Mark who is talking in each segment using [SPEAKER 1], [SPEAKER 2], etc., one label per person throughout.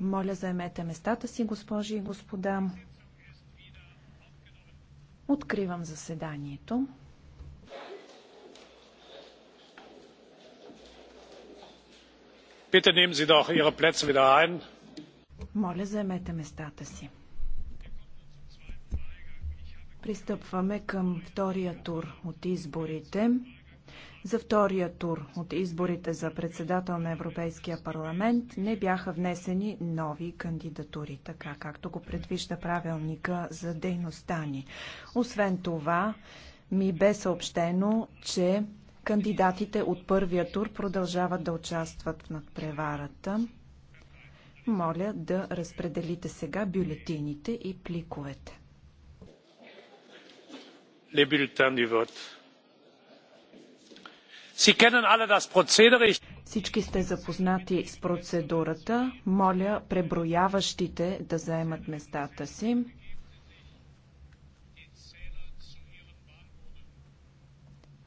[SPEAKER 1] Моля, заемете местата си, госпожи и господа. Откривам заседанието. Моля, заемете местата си. Пристъпваме към втория тур от изборите. За втория тур от изборите за председател на Европейския парламент не бяха внесени нови кандидатури, така както го предвижда правилника за дейността ни. Освен това, ми бе съобщено, че кандидатите от първия тур продължават да участват в надпреварата. Моля да разпределите сега бюлетините и пликовете.
[SPEAKER 2] Les bulletins du vote.
[SPEAKER 1] Всички сте запознати с процедурата. Моля преброяващите да заемат местата си.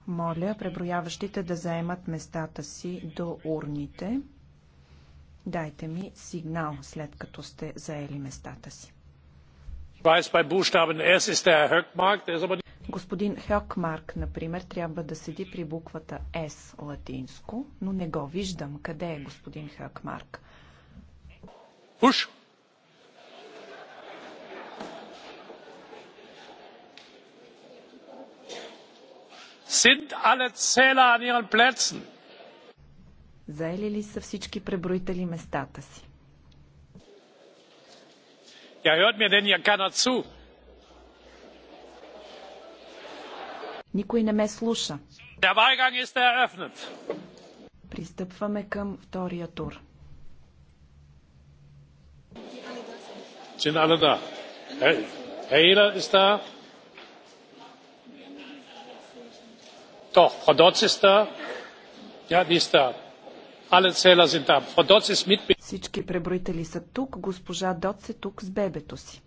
[SPEAKER 1] Моля преброяващите да заемат местата си до урните. Дайте ми сигнал след като сте заели местата си. Господин Хьокмарк, например, трябва да седи при буквата С латинско, но не го виждам. Къде е господин Хьокмарк? Уш!
[SPEAKER 2] Sind alle Zähler an ihren Plätzen?
[SPEAKER 1] Заели ли са всички преброители местата си?
[SPEAKER 2] Ja, hört mir denn hier keiner zu?
[SPEAKER 1] Никой не ме слуша. Пристъпваме към втория тур. Всички преброители са тук. Госпожа Доц е тук с бебето си.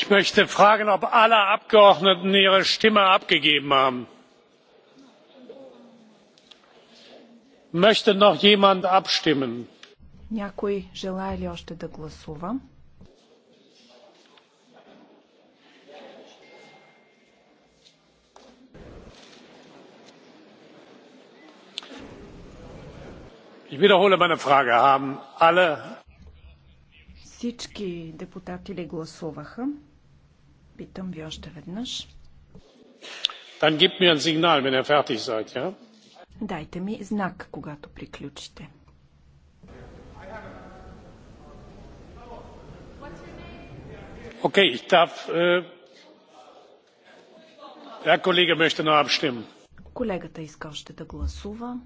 [SPEAKER 2] ich möchte fragen ob alle abgeordneten ihre stimme abgegeben haben. möchte noch jemand abstimmen? ich wiederhole meine frage haben
[SPEAKER 1] alle всички депутати ли гласуваха? питам ви още веднъж. Дайте ми знак, когато приключите.
[SPEAKER 2] Окей, okay,
[SPEAKER 1] äh, колегата иска още да гласува.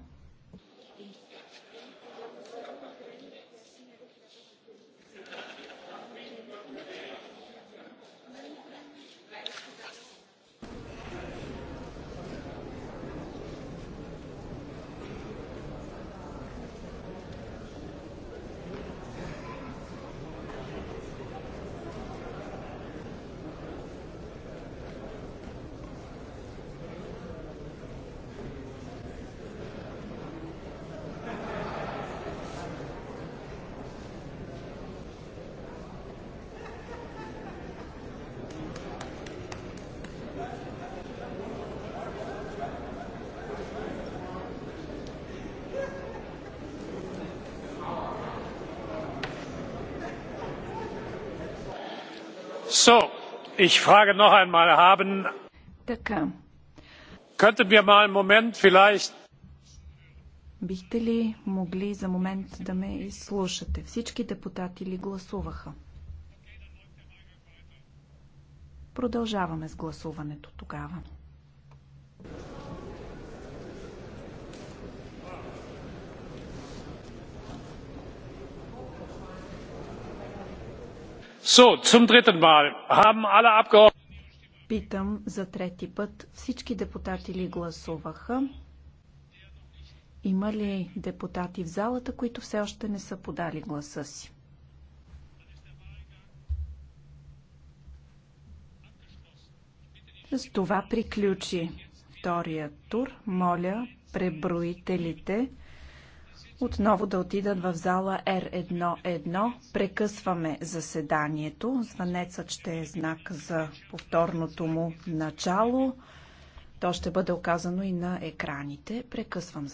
[SPEAKER 2] ich frage noch einmal, haben... Така. Könnten wir mal einen Moment vielleicht...
[SPEAKER 1] Бихте ли могли за момент да ме изслушате? Всички депутати ли гласуваха? Продължаваме с гласуването тогава. Питам за трети път. Всички депутати ли гласуваха? Има ли депутати в залата, които все още не са подали гласа си? С това приключи втория тур. Моля преброителите отново да отидат в зала R1-1. Прекъсваме заседанието. Звънецът ще е знак за повторното му начало. То ще бъде оказано и на екраните. Прекъсвам